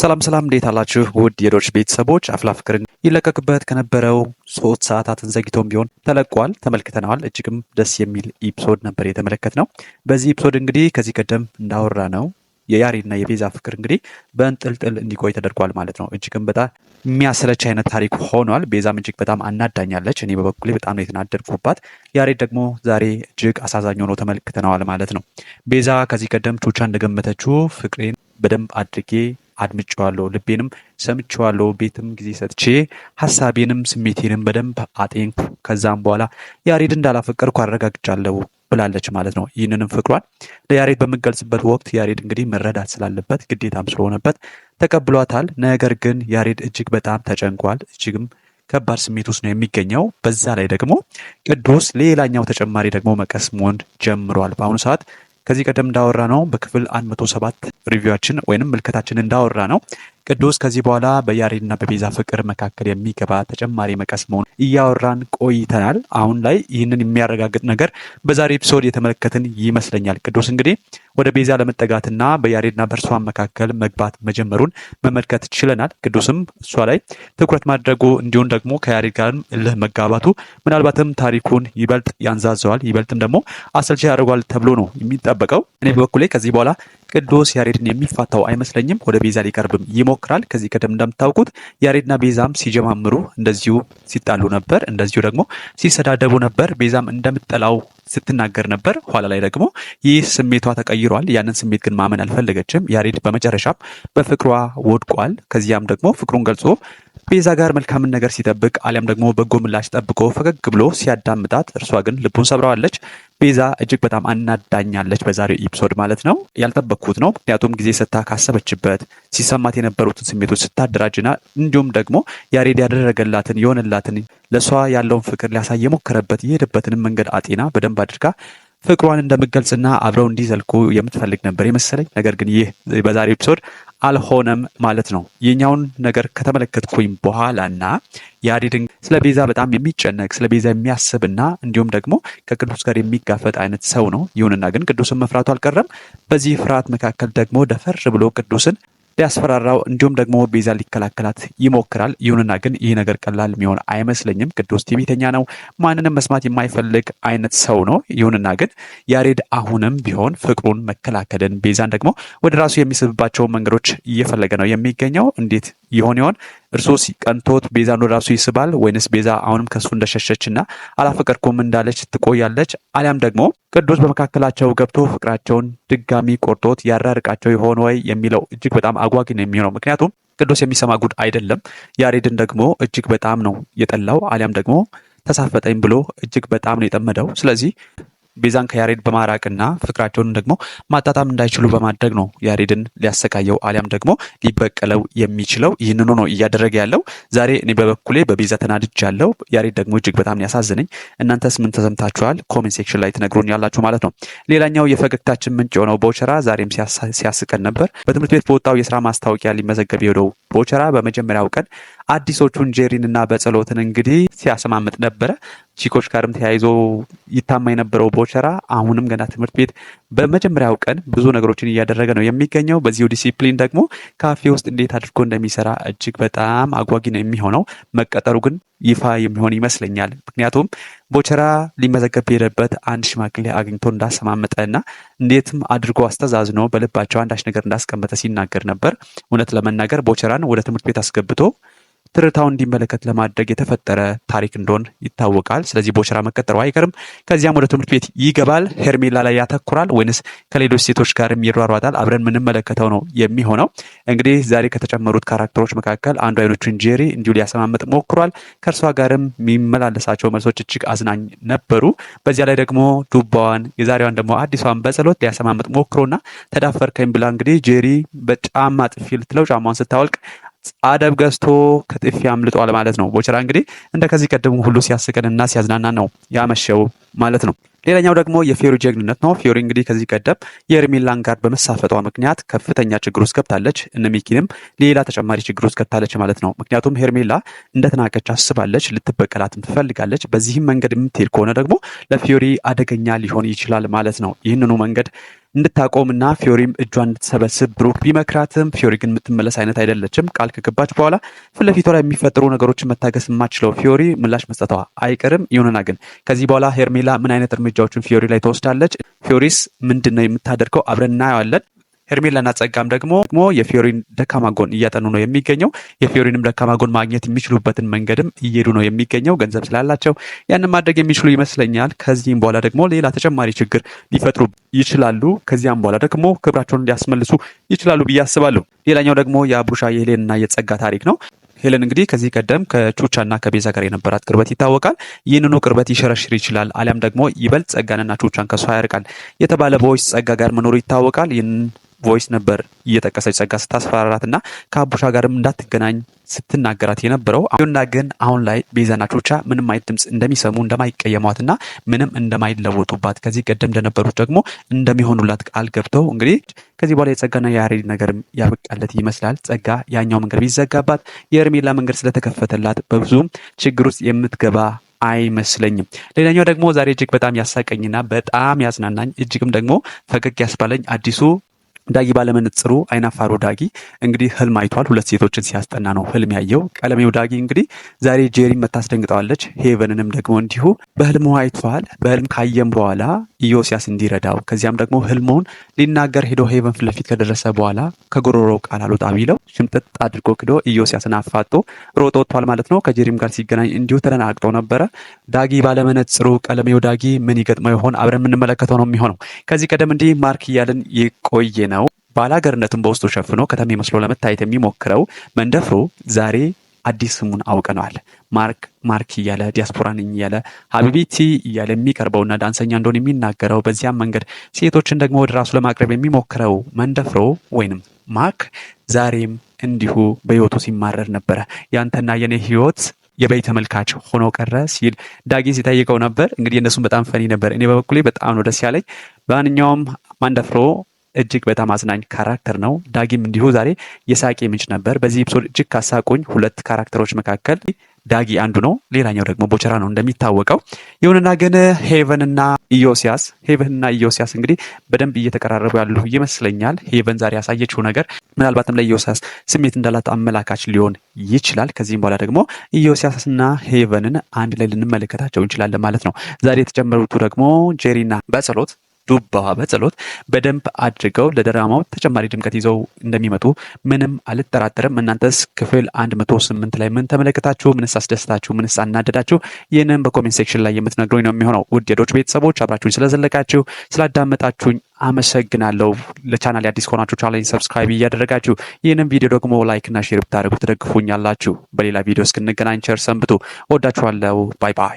ሰላም ሰላም፣ እንዴት አላችሁ? ውድ የዶች ቤተሰቦች አፍላ ፍቅርን ይለቀቅበት ከነበረው ሶስት ሰዓታትን ዘግቶም ቢሆን ተለቋል፣ ተመልክተነዋል። እጅግም ደስ የሚል ኢፕሶድ ነበር ነው። በዚህ ኢፕሶድ እንግዲህ ከዚህ ቀደም እንዳወራ ነው የያሬድና የቤዛ ፍቅር እንግዲህ በእንጥልጥል እንዲቆይ ተደርጓል ማለት ነው። እጅግም በጣም የሚያሰለች አይነት ታሪክ ሆኗል። ቤዛም እጅግ በጣም አናዳኛለች። እኔ በበኩሌ በጣም ነው የተናደድኩባት። ያሬድ ደግሞ ዛሬ እጅግ አሳዛኝ ሆኖ ተመልክተነዋል ማለት ነው። ቤዛ ከዚህ ቀደም ቹቻ እንደገመተችው ፍቅሬን በደንብ አድርጌ አድምጬዋለሁ፣ ልቤንም ሰምቼዋለሁ። ቤትም ጊዜ ሰጥቼ ሀሳቤንም ስሜቴንም በደንብ አጤንኩ። ከዛም በኋላ ያሬድ እንዳላፈቀርኩ አረጋግጫለሁ ብላለች ማለት ነው። ይህንንም ፍቅሯን ለያሬድ በምገልጽበት ወቅት ያሬድ እንግዲህ መረዳት ስላለበት ግዴታም ስለሆነበት ተቀብሏታል። ነገር ግን ያሬድ እጅግ በጣም ተጨንቋል። እጅግም ከባድ ስሜት ውስጥ ነው የሚገኘው። በዛ ላይ ደግሞ ቅዱስ ሌላኛው ተጨማሪ ደግሞ መቀስ መሆን ጀምሯል በአሁኑ ሰዓት ከዚህ ቀደም እንዳወራ ነው በክፍል 107 ሪቪዋችን ወይንም ምልከታችን እንዳወራ ነው ቅዱስ ከዚህ በኋላ በያሬድና በቤዛ ፍቅር መካከል የሚገባ ተጨማሪ መቀስ መሆኑን እያወራን ቆይተናል። አሁን ላይ ይህንን የሚያረጋግጥ ነገር በዛሬ ኤፒሶድ የተመለከትን ይመስለኛል። ቅዱስ እንግዲህ ወደ ቤዛ ለመጠጋትና በያሬድና በእርሷን መካከል መግባት መጀመሩን መመልከት ችለናል። ቅዱስም እሷ ላይ ትኩረት ማድረጉ እንዲሁም ደግሞ ከያሬድ ጋርም እልህ መጋባቱ ምናልባትም ታሪኩን ይበልጥ ያንዛዘዋል፣ ይበልጥም ደግሞ አሰልቺ ያደርጓል ተብሎ ነው የሚጠበቀው። እኔ በበኩሌ ከዚህ በኋላ ቅዱስ ያሬድን የሚፋታው አይመስለኝም። ወደ ቤዛ ሊቀርብም ይሞ ይሞክራል። ከዚህ ቀደም እንደምታውቁት ያሬድና ቤዛም ሲጀማምሩ እንደዚሁ ሲጣሉ ነበር፣ እንደዚሁ ደግሞ ሲሰዳደቡ ነበር። ቤዛም እንደምጠላው ስትናገር ነበር። ኋላ ላይ ደግሞ ይህ ስሜቷ ተቀይሯል። ያንን ስሜት ግን ማመን አልፈለገችም። ያሬድ በመጨረሻም በፍቅሯ ወድቋል። ከዚያም ደግሞ ፍቅሩን ገልጾ ቤዛ ጋር መልካምን ነገር ሲጠብቅ አሊያም ደግሞ በጎ ምላሽ ጠብቆ ፈገግ ብሎ ሲያዳምጣት፣ እርሷ ግን ልቡን ሰብረዋለች። ቤዛ እጅግ በጣም አናዳኛለች በዛሬው ኢፕሶድ ማለት ነው። ያልጠበቅኩት ነው። ምክንያቱም ጊዜ ሰታ ካሰበችበት ሲሰማት የነበሩትን ስሜቶች ስታደራጅና እንዲሁም ደግሞ ያሬድ ያደረገላትን የሆነላትን ለእሷ ያለውን ፍቅር ሊያሳይ የሞከረበት የሄደበትንም መንገድ አጤና በደንብ አድርጋ ፍቅሯን እንደምገልጽና አብረው እንዲዘልቁ የምትፈልግ ነበር የመሰለኝ። ነገር ግን ይህ በዛሬ ኤፒሶድ አልሆነም ማለት ነው። የኛውን ነገር ከተመለከትኩኝ በኋላና ያሬድን ስለ ቤዛ በጣም የሚጨነቅ ስለ ቤዛ የሚያስብና እንዲሁም ደግሞ ከቅዱስ ጋር የሚጋፈጥ አይነት ሰው ነው። ይሁንና ግን ቅዱስን መፍራቱ አልቀረም። በዚህ ፍርሃት መካከል ደግሞ ደፈር ብሎ ቅዱስን ሊያስፈራራው እንዲሁም ደግሞ ቤዛ ሊከላከላት ይሞክራል። ይሁንና ግን ይህ ነገር ቀላል የሚሆን አይመስለኝም። ቅዱስ ትዕቢተኛ ነው፣ ማንንም መስማት የማይፈልግ አይነት ሰው ነው። ይሁንና ግን ያሬድ አሁንም ቢሆን ፍቅሩን መከላከልን፣ ቤዛን ደግሞ ወደ ራሱ የሚስብባቸውን መንገዶች እየፈለገ ነው የሚገኘው እንዴት ይሆን ይሆን? እርሶስ ቀንቶት ቤዛን ወደ ራሱ ይስባል ወይንስ ቤዛ አሁንም ከእሱ እንደሸሸችና አላፈቀድኩም እንዳለች ትቆያለች? አሊያም ደግሞ ቅዱስ በመካከላቸው ገብቶ ፍቅራቸውን ድጋሚ ቆርጦት ያራርቃቸው ይሆን ወይ የሚለው እጅግ በጣም አጓጊ ነው የሚሆነው ምክንያቱም ቅዱስ የሚሰማ ጉድ አይደለም። ያሬድን ደግሞ እጅግ በጣም ነው የጠላው፣ አሊያም ደግሞ ተሳፈጠኝ ብሎ እጅግ በጣም ነው የጠመደው። ስለዚህ ቤዛን ከያሬድ በማራቅና ፍቅራቸውን ደግሞ ማጣጣም እንዳይችሉ በማድረግ ነው ያሬድን ሊያሰቃየው አሊያም ደግሞ ሊበቀለው የሚችለው። ይህንኑ ነው እያደረገ ያለው። ዛሬ እኔ በበኩሌ በቤዛ ተናድጅ ያለው ያሬድ ደግሞ እጅግ በጣም ያሳዝነኝ። እናንተስ ምን ተሰምታችኋል? ኮሜንት ሴክሽን ላይ ትነግሩን ያላችሁ ማለት ነው። ሌላኛው የፈገግታችን ምንጭ የሆነው ቦቸራ ዛሬም ሲያስቀን ነበር። በትምህርት ቤት በወጣው የስራ ማስታወቂያ ሊመዘገብ የሄደው ቦቸራ በመጀመሪያው ቀን አዲሶቹን ጄሪንና በጸሎትን እንግዲህ ሲያሰማምጥ ነበረ። ቺኮች ጋርም ተያይዞ ይታማ የነበረው ቦቸራ አሁንም ገና ትምህርት ቤት በመጀመሪያው ቀን ብዙ ነገሮችን እያደረገ ነው የሚገኘው። በዚሁ ዲሲፕሊን ደግሞ ካፌ ውስጥ እንዴት አድርጎ እንደሚሰራ እጅግ በጣም አጓጊ ነው የሚሆነው። መቀጠሩ ግን ይፋ የሚሆን ይመስለኛል። ምክንያቱም ቦቸራ ሊመዘገብ የሄደበት አንድ ሽማግሌ አግኝቶ እንዳሰማመጠ እና እንዴትም አድርጎ አስተዛዝኖ በልባቸው አንዳች ነገር እንዳስቀመጠ ሲናገር ነበር። እውነት ለመናገር ቦቸራን ወደ ትምህርት ቤት አስገብቶ ትርታው እንዲመለከት ለማድረግ የተፈጠረ ታሪክ እንደሆን ይታወቃል። ስለዚህ ቦቸራ መቀጠሩ አይቀርም። ከዚያም ወደ ትምህርት ቤት ይገባል። ሄርሜላ ላይ ያተኩራል ወይንስ ከሌሎች ሴቶች ጋርም ይሯሯጣል? አብረን የምንመለከተው ነው የሚሆነው። እንግዲህ ዛሬ ከተጨመሩት ካራክተሮች መካከል አንዱ አይኖቹን ጄሪ እንዲሁ ሊያሰማምጥ ሞክሯል። ከእርሷ ጋርም የሚመላለሳቸው መልሶች እጅግ አዝናኝ ነበሩ። በዚያ ላይ ደግሞ ዱባዋን የዛሬዋን ደግሞ አዲሷን በጸሎት ሊያሰማምጥ ሞክሮና ተዳፈርከኝ ብላ እንግዲህ ጄሪ በጫማ ጥፊ ልትለው ጫማዋን ስታወልቅ አደብ ገዝቶ ከጥፊ አምልጧል ማለት ነው። ቦቸራ እንግዲህ እንደ ከዚህ ቀደሙ ሁሉ ሲያስቀንና ሲያዝናና ነው ያመሸው ማለት ነው። ሌላኛው ደግሞ የፊዮሪ ጀግንነት ነው። ፊዮሪ እንግዲህ ከዚህ ቀደም የሄርሜላን ጋር በመሳፈጧ ምክንያት ከፍተኛ ችግር ውስጥ ገብታለች። እነ ሌላ ተጨማሪ ችግር ውስጥ ገብታለች ማለት ነው። ምክንያቱም ሄርሜላ እንደተናቀች አስባለች፣ ልትበቀላትም ትፈልጋለች። በዚህም መንገድ የምትሄድ ከሆነ ደግሞ ለፊዮሪ አደገኛ ሊሆን ይችላል ማለት ነው። ይህንኑ መንገድ እንድታቆምና ፊዮሪም እጇ እንድትሰበስብ ብሩክ ቢመክራትም ፊዮሪ ግን የምትመለስ አይነት አይደለችም። ቃል ከገባች በኋላ ፊት ለፊቷ ላይ የሚፈጥሩ ነገሮችን መታገስ የማችለው ፊዮሪ ምላሽ መስጠቷ አይቀርም። ይሁንና ግን ከዚህ በኋላ ሄርሜላ ምን አይነት እርምጃዎችን ፊዮሪ ላይ ትወስዳለች፣ ፊዮሪስ ምንድን ነው የምታደርገው? አብረን እናየዋለን። ሄርሜላና ጸጋም ደግሞ የፊዮሪን ደካማ ጎን እያጠኑ ነው የሚገኘው። የፊዮሪንም ደካማ ጎን ማግኘት የሚችሉበትን መንገድም እየሄዱ ነው የሚገኘው። ገንዘብ ስላላቸው ያንን ማድረግ የሚችሉ ይመስለኛል። ከዚህም በኋላ ደግሞ ሌላ ተጨማሪ ችግር ሊፈጥሩ ይችላሉ። ከዚያም በኋላ ደግሞ ክብራቸውን ሊያስመልሱ ይችላሉ ብዬ አስባለሁ። ሌላኛው ደግሞ የአብሩሻ የሄሌንና የጸጋ ታሪክ ነው። ሄለን እንግዲህ ከዚህ ቀደም ከቹቻና ከቤዛ ጋር የነበራት ቅርበት ይታወቃል። ይህንኑ ቅርበት ይሸረሽር ይችላል፣ አሊያም ደግሞ ይበልጥ ጸጋንና ቹቻን ከሷ ያርቃል የተባለ በዎች ጸጋ ጋር መኖሩ ይታወቃል። ይህን ቮይስ ነበር እየጠቀሰች ጸጋ ስታስፈራራት እና ከአቡሻ ጋርም እንዳትገናኝ ስትናገራት የነበረው ና ግን አሁን ላይ ቤዛና ብቻ ምንም አይነት ድምፅ እንደሚሰሙ እንደማይቀየሟት እና ምንም እንደማይለወጡባት ከዚህ ቀደም እንደነበሩት ደግሞ እንደሚሆኑላት ቃል ገብተው እንግዲህ ከዚህ በኋላ የጸጋና የያሬድ ነገር ያበቃለት ይመስላል። ጸጋ ያኛው መንገድ ቢዘጋባት የእርሜላ መንገድ ስለተከፈተላት በብዙም ችግር ውስጥ የምትገባ አይመስለኝም። ሌላኛው ደግሞ ዛሬ እጅግ በጣም ያሳቀኝና በጣም ያዝናናኝ እጅግም ደግሞ ፈገግ ያስባለኝ አዲሱ ዳጊ ባለመነጽሩ አይናፋሮ ዳጊ እንግዲህ ህልም አይቷል። ሁለት ሴቶችን ሲያስጠና ነው ህልም ያየው። ቀለሜው ዳጊ እንግዲህ ዛሬ ጄሪን መታስደንግጠዋለች። ሄቨንንም ደግሞ እንዲሁ በህልሙ አይቷል። በህልም ካየም በኋላ ኢዮስያስ እንዲረዳው ከዚያም ደግሞ ህልሙን ሊናገር ሄዶ ሄቨን ፊት ለፊት ከደረሰ በኋላ ከጎሮሮ ቃል አልወጣ ቢለው ሽምጥጥ አድርጎ ክዶ ኢዮስያስን አፋጦ ሮጦ ወጥቷል ማለት ነው። ከጀሪም ጋር ሲገናኝ እንዲሁ ተደናግጦ ነበረ። ዳጊ ባለመነጽሩ ቀለሜው ዳጊ ምን ይገጥመው ይሆን? አብረን የምንመለከተው ነው የሚሆነው። ከዚህ ቀደም እንዲህ ማርክ እያልን የቆየ ነው ባላገርነቱን በውስጡ ሸፍኖ ከተሜ መስሎ ለመታየት የሚሞክረው መንደፍሮ ዛሬ አዲስ ስሙን አውቀነዋል። ማርክ ማርክ እያለ ዲያስፖራ ነኝ እያለ ሀቢቢቲ እያለ የሚቀርበውና ዳንሰኛ እንደሆነ የሚናገረው በዚያም መንገድ ሴቶችን ደግሞ ወደ ራሱ ለማቅረብ የሚሞክረው መንደፍሮ ወይንም ማርክ ዛሬም እንዲሁ በህይወቱ ሲማረር ነበረ። ያንተና የኔ ህይወት የበይ ተመልካች ሆኖ ቀረ ሲል ዳጊ ሲጠይቀው ነበር። እንግዲህ እነሱም በጣም ፈኒ ነበር። እኔ በበኩሌ በጣም ነው ደስ ያለኝ። በማንኛውም ማንደፍሮ እጅግ በጣም አዝናኝ ካራክተር ነው። ዳጊም እንዲሁ ዛሬ የሳቄ ምንጭ ነበር። በዚህ ኤፒሶድ እጅግ ካሳቁኝ ሁለት ካራክተሮች መካከል ዳጊ አንዱ ነው፣ ሌላኛው ደግሞ ቦቸራ ነው እንደሚታወቀው። ይሁንና ግን ሄቨንና ኢዮሲያስ ሄቨንና ኢዮስያስ እንግዲህ በደንብ እየተቀራረቡ ያሉ ይመስለኛል። ሄቨን ዛሬ ያሳየችው ነገር ምናልባትም ለኢዮስያስ ስሜት እንዳላት አመላካች ሊሆን ይችላል። ከዚህም በኋላ ደግሞ ኢዮሲያስና ሄቨንን አንድ ላይ ልንመለከታቸው እንችላለን ማለት ነው። ዛሬ የተጨመሩት ደግሞ ጄሪና በጸሎት ዱባዋ በጸሎት በደንብ አድርገው ለደራማው ተጨማሪ ድምቀት ይዘው እንደሚመጡ ምንም አልጠራጠርም። እናንተስ ክፍል 108 ላይ ምን ተመለከታችሁ? ምንስ አስደስታችሁ? ምንስ አናደዳችሁ? ይህንን በኮሜንት ሴክሽን ላይ የምትነግሩኝ ነው የሚሆነው። ውድ የዶች ቤተሰቦች አብራችሁኝ ስለዘለቃችሁ ስላዳመጣችሁኝ አመሰግናለሁ። ለቻናል አዲስ ከሆናችሁ ቻናል ሰብስክራይብ እያደረጋችሁ ይህንን ቪዲዮ ደግሞ ላይክና ሼር ብታደርጉ ትደግፉኛላችሁ። በሌላ ቪዲዮ እስክንገናኝ ቸር ሰንብቱ። ወዳችኋለሁ። ባይ ባይ።